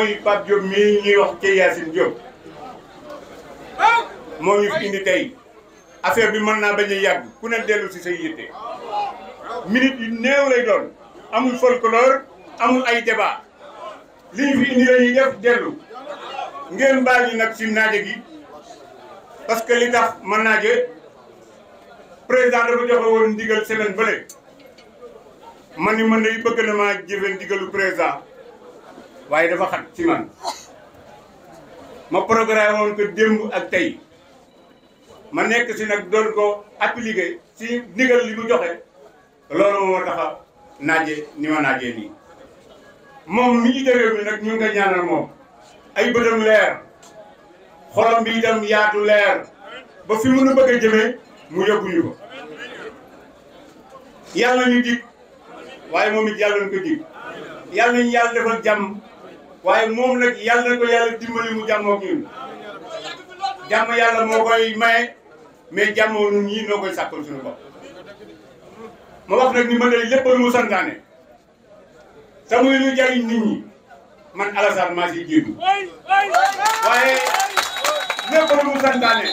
muy Pape Diop mii ñuy wax ci Yacine moo ñu fi indi tey affaire bi mën naa bañ a yàgg ku ne dellu si say yitte minute yu néew lay doon amul folklore amul ay débat li ñu fi indi la def dellu ngeen baal nag si naaje gi parce que li tax ma naaje président dafa joxe woon ndigal semaine bële man ni man day bëgg na maa jëfe ndigalu président waaye dafa xat ci man ma programme woon ko démb ak tey ma nekk si nag doon ko appliqué si ndigal li mu joxe loolu moo taxa naaje ni ma naajee nii moom mi jiite réew mi nag ñu nga ñaanal moom ay bëtam leer xolam bi itam yaatu leer ba fi mu nu bëgg a jëmee mu yóbbuñu ko yàlla ñu dig waaye moom it yàlla ñu ko dig yàlla ñu yàlla defal jàmm waaye moom nag yàlla na ko yàlla dimbali mu jàmmoo ak ñun jàmm yàlla moo koy maye mais jàmmoo ñii noo koy sàkkal suñu bopp ma wax nag ni ma day lépp lu mu santaane te muy lu jariñ ñi man Alassane maa ciy jiitu waaye lépp lu mu santaane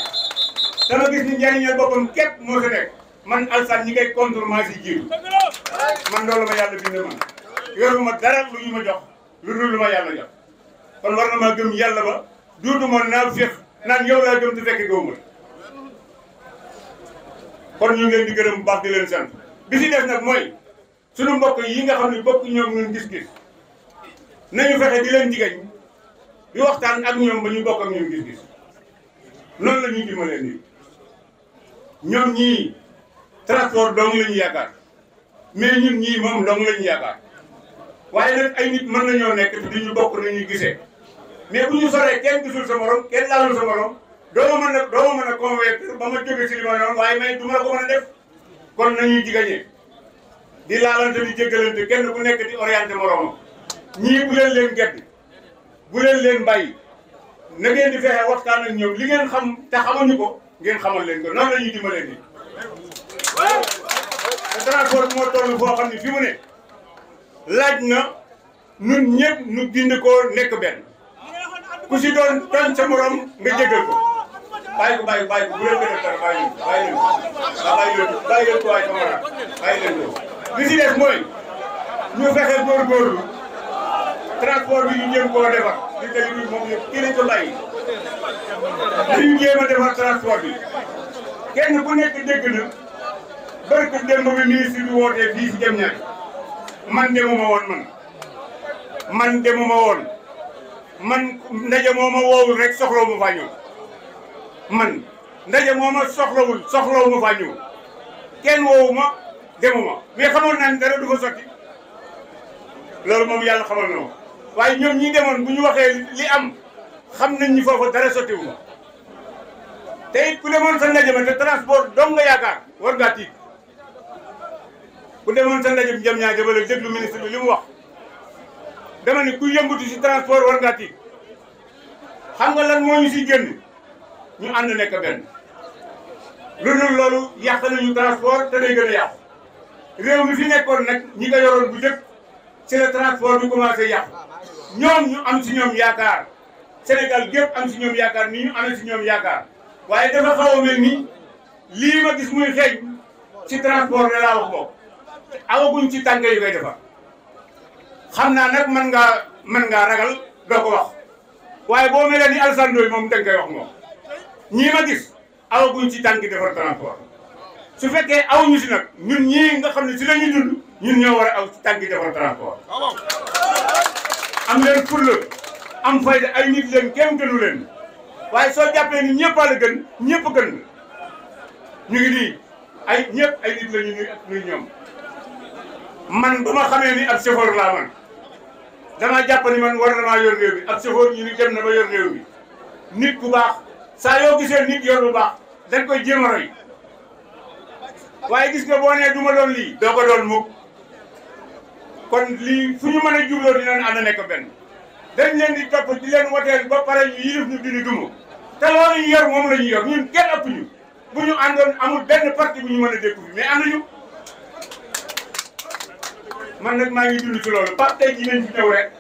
dama gis ni njariñal boppam képp moo ci nekk man Alassane ñi ngay contre maa ciy jiitu man loolu ma yàlla bind man yoruma dara lu ñu ma jox lu dul lu ma yàlla jox kon war na maa gëm yàlla ba duutuma naa féex naan yow laa gëm te fekk gëwuma kon ñu ngi leen di gërëm bu baax di leen sant bi si des nag mooy suñu mbokk yi nga xam ne bokk ñoom ñun gis-gis nañu fexe di leen jigéen di waxtaan ak ñoom ba ñu bokk ak ñun gis-gis noonu la ñuy dimbalee nii ñoom ñii transport dong la ñu yaakaar mais ñun ñii moom dong la yaakaar. waaye nag ay nit mën nañoo nekk te duñu bokk nañu gisee mais bu ñu soree kenn gisul sa morom kenn laalul sa morom doo ma mën a doo ma mën a convaincre ba ma jóge si li ma waaye may du ma la ko mën a def kon nañuy jigéen di laalante di jéggalante kenn ku nekk di orienté moromam ñii bu leen gedd bu leen leen bàyyi na ngeen di fexe waxtaan ak ñoom li ngeen xam te xamuñu ko ngeen xamal leen ko na la ñuy dimbalee nii. te transport moo toll foo xam ne fi laaj na nun ñëpp nu bind ko nekk benn ku si doon tooñ sa morom nga jégal ko bàyyi ko bàyyi bàyyi ko bu leen gën a dara bàyyi bàyyi leen ko bàyyi leen ko bàyyi leen ko waaye camarade bàyyi leen ko li si des mooy ñu fexe góorgóorlu transport bi ñu jéem koo defar li tey bi moom yëpp kii lañ ko bàyyi li ñu jéem a defar transport bi kenn ku nekk dégg na barke démb bi ministre bi wootee fii si jëm ñaari man demuma woon man man demuma woon man ndaje moo ma woowul rek soxlawu ma faa man ndaje moo ma soxlawul soxlawu ma faa ñëw kenn woowu ma demuma mais xamoon naa ne dara du ko sotti loolu moom yàlla xamal na ma waaye ñoom ñi demoon bu ñu waxee li am xam nañ ni foofu dara sottiwu ma te it ku demoon sa ndaje ma te transport dong nga yaakaar war ngaa tiit bu demoon sa ndaje jëm ñaa jëbale déglu ministre bi li mu wax dama ni ku yëngatu si transport war ngaa tiit xam nga lan moo ñu si génn ñu ànd nekk benn lu dul loolu yàq nañu transport te day gën a yàqu réew mi fi nekkoon nag ñi ko yoroon bu jëkk ci la transport bi commencé yàqu ñoom ñu am si ñoom yaakaar senegal gépp am si ñoom yaakaar ni ñu amee si ñoom yaakaar waaye dafa xaw a lii ma gis muy xeeñ ci transport ne wax bokk te amaguñ ci tànk yu koy defar xam naa nag mën ngaa mën ngaa ragal doo ko wax waaye boo melee ni Alassane Ndoye moom da nga wax moom ñii ma gis amaguñ ci tànk defar transport su fekkee aw ñu si nag ñun ñii nga xam ne si la ñu dund ñun ñoo war a aw ci tànk defar transport am leen fulla am fayda ay nit leen kenn waaye soo jàppee ni ñëpp gën ñëpp gën ñu ngi nii ay ñëpp ay nit ñu ñoom man bu ma xamee ni ab chauffeur laa man damaa jàpp ni man war na maa yor réew mi ab chauffeur ñu ni dem na ba yor réew mi nit bu baax saa yoo gisee nit yor bu baax dañ ko jéem roy waaye gis nga boo nee du ma doon lii doo ko doon kon lii fu ñu mën a jubloo dinañ ànd nekk ben dañ leen di topp di leen woteel ba pare ñu yilif ñu dini duma te loolu ñu yor moom la ñu yor ñun kenn ëpp ñu bu ñu àndoon amul benn parti bu ñu mën a dékku mais ànd ñu man nag maa ngi dund ci loolu Pape tey jii nañ fi ñëw rek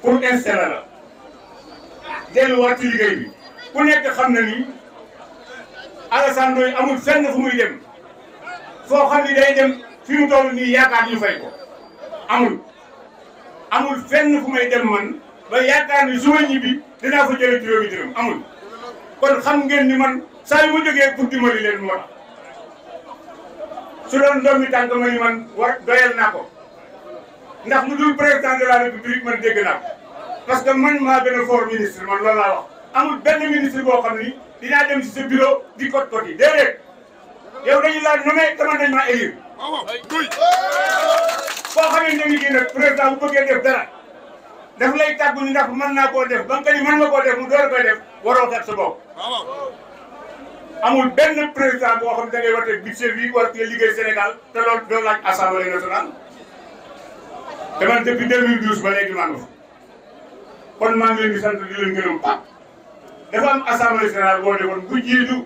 pour installer la delluwaat liggéey bi ku nekk xam na ni Alassane Ndoye amul fenn fu muy dem foo xam ni day dem fi mu toll nii yaakaar ñu fay ko amul amul fenn fu may dem man ba yaakaar ni su ma ñibbi dinaa fa jëlee juróomi dërëm amul kon xam ngeen ni man saa yu ma jógee pour dimbali leen moo su doon ndomi tànk ma ni man war doyal naa ko ndax mu dul président de la république man dégg naa parce que man maa gën a ministre man loolu laa wax amul benn ministre boo xam ni dinaa dem si sa bureau di kot kot yi déedéet yow dañu laa nommé te man maa élire boo xamee ne ni nag président bu bëggee def dara daf lay tàgguñu ndax mën naa koo def ba nga ni mën nga koo def mu door koy def waroo fekk sa bopp amul benn président boo xam ne da ngay wote budget bi war liggéey Sénégal te loolu doon laaj assemblée nationale te man depuis 2012 ba léegi maa ngi kon maa ngi leen di di leen gërëm Pape dafa am boo defoon bu jiitu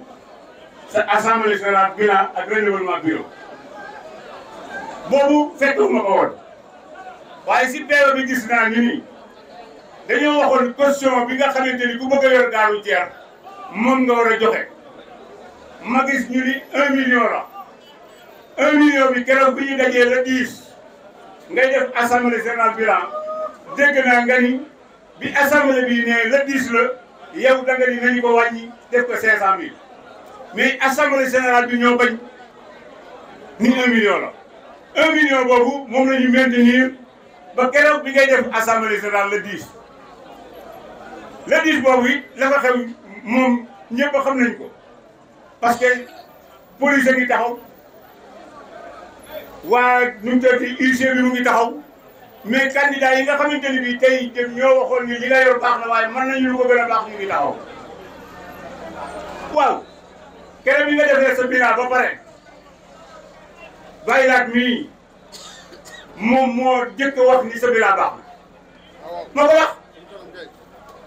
sa assemblée générale bilan ak renouvellement bureau boobu fekkoon ma ko woon waaye si période bi gis naa ñu ni dañoo waxoon question bi nga ni ku bëgg gaaru ceer moom nga war joxe. ma gis ñu ni un million la un million bi keroog bi ñu dajee le 10 ngay def assemblée générale bilan dégg naa nga ni bi assemblée bi ne le la yow da nga ni nañu ko wàññi def ko 500000 mais assemblée générale bi ñoo bañ ni un million la. un million boobu moom la ñu maintenir ba keroog bi ngay def assemblée générale le 10 boobu it la fa ñëpp xam nañ ko. parce que police ngi taxaw waa nu mu tëddee UG bi mu ngi taxaw mais candidat yi nga xamante ni bii tey jëm ñoo waxoon ni li baax na waaye mën nañu lu ko gën a baax ñu ngi taxaw waaw keneen bi nga defee sa bilan ba pare bàyyi laat mii moom moo jëkk wax ni sa bilan baax ma ah, ko wax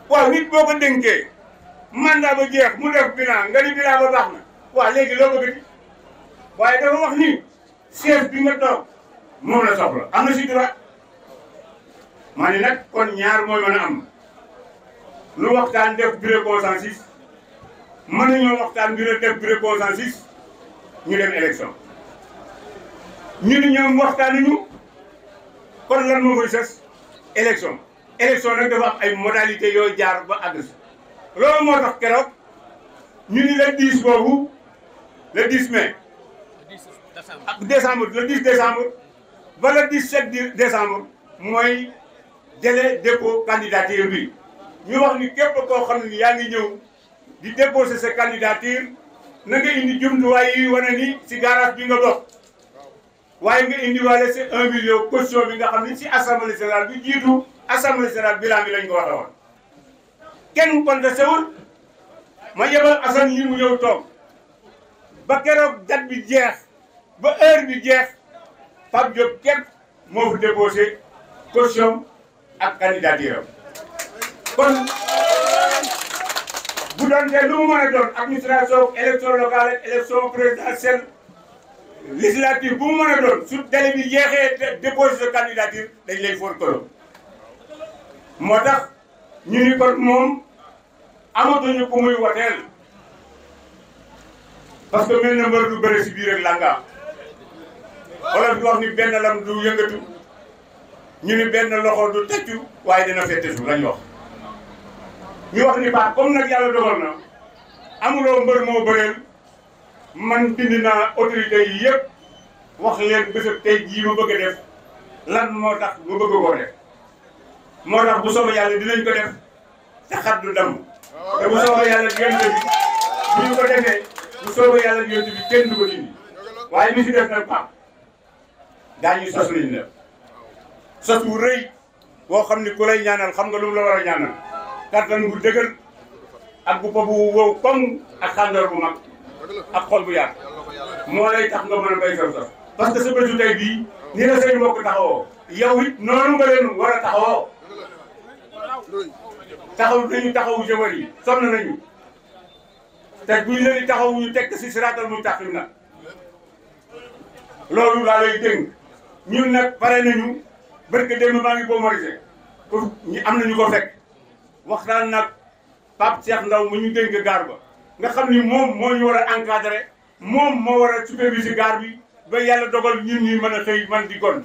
waaw nit boo ko dénkee. mandat ba jeex mu def bilan nga ni bilan ba baax na waaw léegi loo bëgg di waaye dafa wax ni chef bi nga toog moom la soxla am na si droit maa ni nag kon ñaar mooy mën a am lu waxtaan def bureau consensus mën nañoo waxtaan bureau def bureau consensus ñu dem élection ñu ni ñoom waxtaanuñu kon lan moo koy sës élection élection nag dafa ay modalité yooyu jaar ba àgg loolu moo tax keroog ñu ni le 10 boobu le 10 mai ak décembre le 10 décembre ba le 17 décembre mooy délai dépôt candidature bi ñu wax ni képp koo xam ne yaa ngi ñëw di déposer sa candidature na nga indi jumtuwaay yi wane ni si garage bi nga dox waaye nga indiwaale sa 1 million caution bi nga xam ne si assemblée générale bi jiitu assemblée générale bilan bi lañ ko waxee woon. kenn contesté wul ma yebal Assane yi mu ñew toog ba keroog date bi jeex ba heure bi jeex Pape Diop kep moo fi déposé caution ak candidature kon bu doon te lu mu doon administration élection locale élection présidentielle législative bu mu mën a doon su délai bi jeexé déposé le candidature dañ lay forkoloo moo tax ñu ni kon moom amatuñu ku muy woteel parce que mel na du bëre si biir ak làngaam olof di wax ni benn lam du yëngatu ñu ni benn loxo du tëccu waaye dina fettesu lañ wax ñu wax ni baax comme nag yàlla dogal na amuloo mbër moo bëreel man bind autorité yi wax leen bésëb tey jii ma bëgg def lan moo tax ma bëgg koo def moo tax bu dinañ ko def du te bu soobee yàlla yonent bi bu ñu ko defee bu waaye mi si def nag sos liñ def sos wu rëy xam ni ku lay ñaanal xam nga lu la war a ñaanal kattan bu dëgër a bu bu wow koŋ ak xàndar bu mag ak xol bu yàgg moo lay tax nga mën a sos parce que sa bésu tey bii ni la seen mbokk taxawoo yow it noonu nga leen war a taxawoo taxaw dañu taxawu jëmër yi sonn nañu te buñ leen di taxawu ñu teg si siraatal mustaqim nag loolu laa lay dénk ñun nag pare nañu barke démb maa ngi boo morise pour ñu am nañu ko fekk waxtaan nag Pape Cheikh Ndaw mu ñu dénk gaar ba nga xam ni moom moo ñu war a encadré moom moo war a superviser gaar bi ba yàlla dogal ñun ñuy mën a xëy man di gon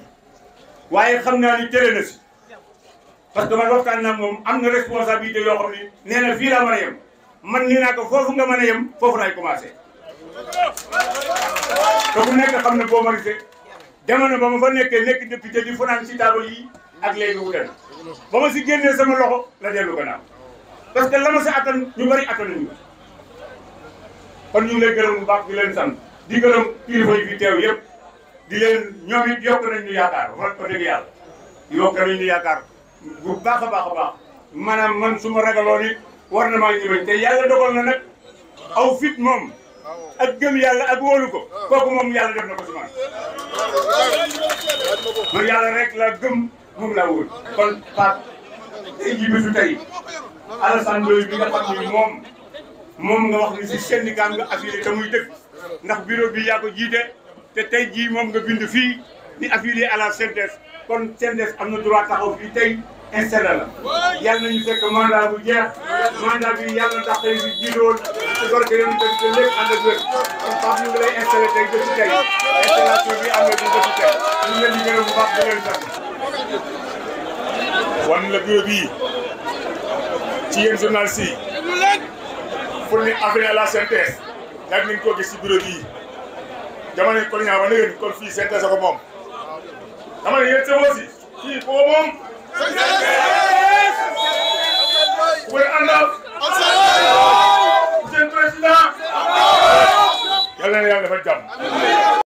waaye xam naa ni tëre na si parce que man waxtaan naa moom am na responsabilité yoo xam nee na fii laa mën a yem man ni naa ko foofu nga mën a yem foofu laay commencé te nekk xam ne boo marité jamono ba ma fa nekkee nekk député di fanaan ci table yi ak léegi wutal ba ma si génnee sama loxo la dellu gannaaw parce que la ma si attan ñu bari attan nañu kon ñu ngi lay gërëm bu baax di di gërëm kilifa yi fi teew yëpp di ñoom it yokk nañ ñu yaakaar wax dëgg yàlla yokk nañ ñu yaakaar bu baax a baax a baax maanaam man su ma war na maa ñëwañ te yàlla dogal na nag aw fit moom a gëm yàlla ak wóolu ko kooku moom yàlla def na ko si man man yàlla rek la gëm moom laa wóolu kon Pape tey jii bisu tey Alassane Ndoye bi nga xam ni moom moom nga wax ni si syndicat nga affilié te muy ndax bureau bi yaa jiite te tey jii moom nga bind fii ni affilié à la CNTS kon CNTS am na droit taxaw fii tey installé la yàlla nañu fekk mandat bu jeex mandat bi bi jiitoon ci barke yoon te te lépp ànd ak wér kon Pape ñu ngi lay installé tey ba ci tey installation bi am na ci ba ci tey di gërëm bu baax di leen sant. wan la bureau bii ci yéen journaliste yi pour ne avenir la synthèse yàgg nañu koo gis ci bureau bii jamono yi kon ñaa ba ne kon fii synthèse ko moom dama ne yéen sa bopp We're enough. Monsieur le Président. yal na yàlla dafa jàmm.